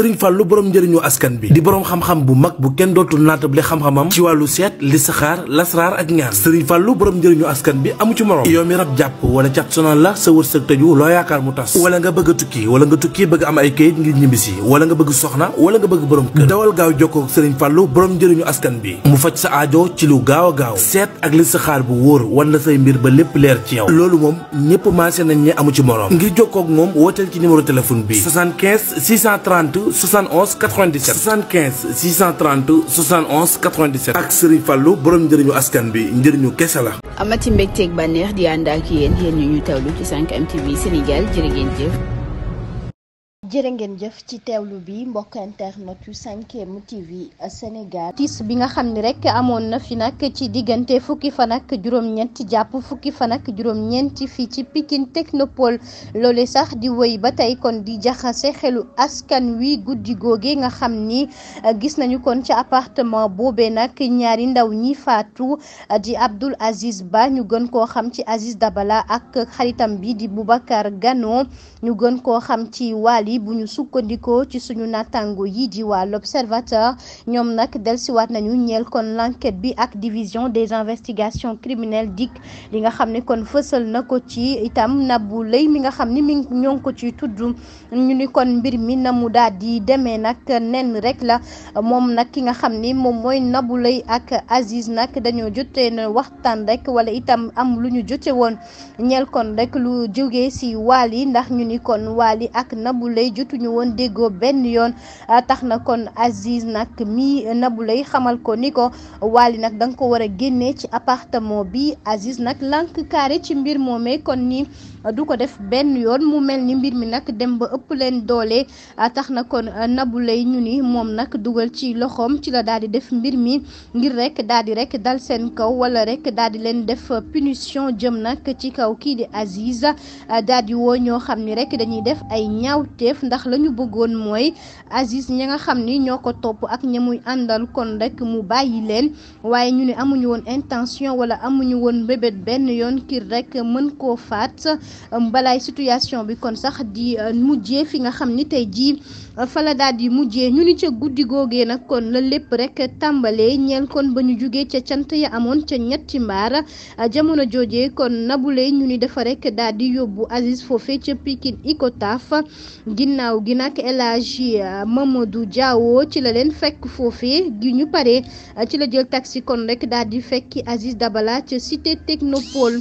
sëriñ fàllu borom njëriñu askan bi di borom xam-xam bu mag bu kenn dootul naatable xam-xamam ci wàllu seet listixaar lasraar ak ñaan sëriñ fàllu borom njëriñu askan bi amu ci morom yow mi rab jàpp wala cat sonal la sa wërsëg tëju loo yaakaar mu tas wala nga bëgg a wala nga tukki bëgg am ay kayit ngir ñibbisi wala nga bëgg soxna wala nga bëgg borom kër dawal gaaw jokkoo ak sëriñ fàllu borom njëriñu askan bi mu faj sa aajo ci lu gaaw a gaaw seet ak listixaar bu wóor wan la say mbir ba lépp leer ci yow loolu moom ñëpp maase nañ ñi amu ci morom ngir jokkoo moom wooteel ci numéro téléphone bi 75 71 97 75 630 71 97 ak Serigne Fallou borom njëriñu askan bi njëriñu kese la. amati mbégteeg bànneex di ànd ak yéen yéen ñu ñu tawlu ci 5M TV Sénégal jërë ngeen jëf ci teewlu bi mbokk internet yu 5M TV Sénégal. tiis bi nga xam ni rek amoon na fi nag ci diggante fukki fan ak juróom jàpp fukki fan ak fii ci Pikine Technopole loole sax di woy ba tey kon di jaxase xelu askan wi guddi googe nga xam ni gis nañu kon ci appartement boobee nag ñaari ndaw ñi faatu di Abdoul Aziz Ba ñu gën koo xam ci Aziz Dabala ak xaritam bi di Boubacar Gano ñu gën koo xam ci Wali bu ñu sukkandikoo ci suñu nattango yi di waa l'observateur ñoom nag delsiwaat nañu ñeel kon l'enquête bi ak division des investigations criminelles DIC li nga xam ne kon fësal na ko ci itam Nabou Leye mi nga xam ni mi ñoo ngi ko ci tudd ñu ni kon mbir mi na mu daal di demee nag nen rek la moom nag ki nga xam ni moom mooy nabu lay ak Aziz nag dañoo jotee na waxtaan rek wala itam am lu ñu jote woon ñeel kon rek lu jógee si Wally ndax ñu ni kon Wally ak Nabou Leye jotuñu woon déggoo benn yoon ah, tax na kon Aziz nag mii nabu lay xamal ko ni ko Wally nag danga ko war a génnee ci appartement bi Aziz nag lànk carré ci mbir moomee kon ni ah, du ko def benn yoon mu mel ni mbir mi nag dem ba ëpp leen doole ah, tax na kon Nabou Leye ñu ni moom nag dugal ci loxoom ci la daal di def mbir mi ngir rek daal di rek dal seen kaw wala rek daal di leen def punition jëm nag ci kaw kii di Aziz daal di woo ñoo xam ni rek dañuy def ay ñaawteef ndax lañu bëggoon mooy Aziz ña nga xam ni ñoo ko topp ak ñamuy àndal kon rek mu bàyyi leen waaye ñu ni amuñu woon intention wala amuñu woon mbébét benn yoon kii rek mën koo faat balaay situation bi kon sax di euh, mujjee fi nga xam ni tey jii. fa la daal di mujjee ñu ni ca guddi googee nag kon la lépp rek tàmbalee ñeel kon ba ñu jógee ca cant ya amoon ca ñetti mbaar jamono jooje kon nabuley ñu ni dafa rek daal di yóbbu Aziz foofe ca Pikine Icotaf ginnaaw gi nag El Hadji euh, du Diawo ci la leen fekk foofe gi ñu pare ci la jël taxi kon rek daal di fekki Aziz Dabala ca Cité Technopole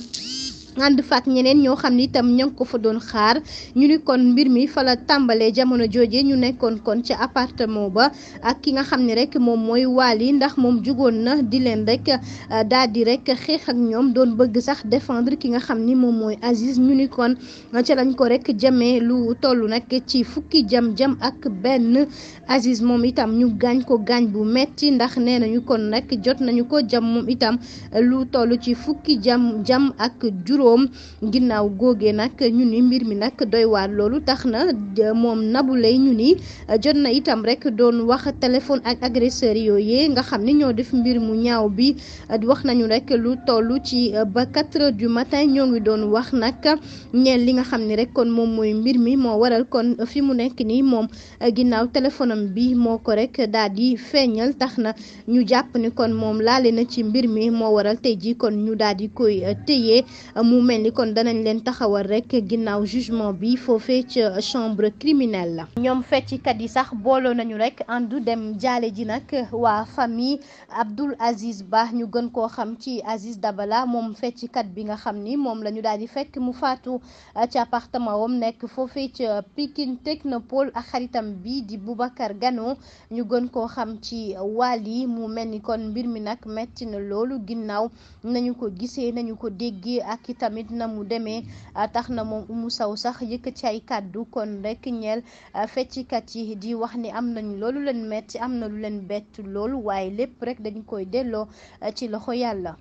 ànd fa ak ñeneen ñoo xam ne itam ña ngi ko fa doon xaar ñu ni kon mbir mi fa la tàmbalee jamono jooje ñu nekkoon kon ca appartement ba ak ki nga xam ni rek moom mooy Wally ndax moom jógoon na di leen rek euh, daal di rek xeex ak ñoom doon bëgg sax défendre ki nga xam ni moom mooy Aziz ñu ni kon ca lañ ko rek jamee lu toll nag ci fukki jam-jam ak benn Aziz moom itam ñu gaañ ko gaañ bu metti ndax nee nañu kon nag jot nañu ko jam moom itam lu toll ci fukki jam jam ak juróom jikkoom ginnaaw góogee nag ñu ni mbir mi nag doy waar loolu tax na moom Nabou Leye ñu ni jot na itam rek doon wax téléphone ak agresseur yooyu nga xam ni ñoo def mbir mu ñaaw bi wax nañu rek lu toll ci euh, ba 4 heures du matin ñoo ngi doon wax nag ñeel li nga xam ni rek kon moom mooy mbir mi moo waral kon fi mu nekk nii moom euh, ginnaaw téléphone am bi moo ko rek daal di feeñal tax na ñu jàpp ni kon moom laale na ci mbir mi moo waral tey ji kon ñu daal koy euh, téye mu mel ni kon danañ leen taxawal rek ginnaaw jugement bi foofee ca chambre criminelle la. ñoom feccikat yi sax booloo nañu rek àndu dem jaale ji nag waa famille Abdoul Aziz baax ñu gën koo xam ci Aziz Dabala moom feccikat bi nga xam ni moom la ñu daal di fekk mu faatu ca appartement wam nekk foofee ca Pikine Technopole ak xaritam bi di Boubacar Gano ñu gën koo xam ci Wally mu mel ni kon mbir mi nag metti na loolu ginnaaw nañu ko gisee nañu ko déggee ak tamit na mu demee tax na moom Oumou saw sax yëkkati ay kàddu kon rek ñeel feccikat yi di wax ni am nañu loolu leen metti am na lu leen bett loolu waaye lépp rek dañu koy delloo ci loxo yàlla.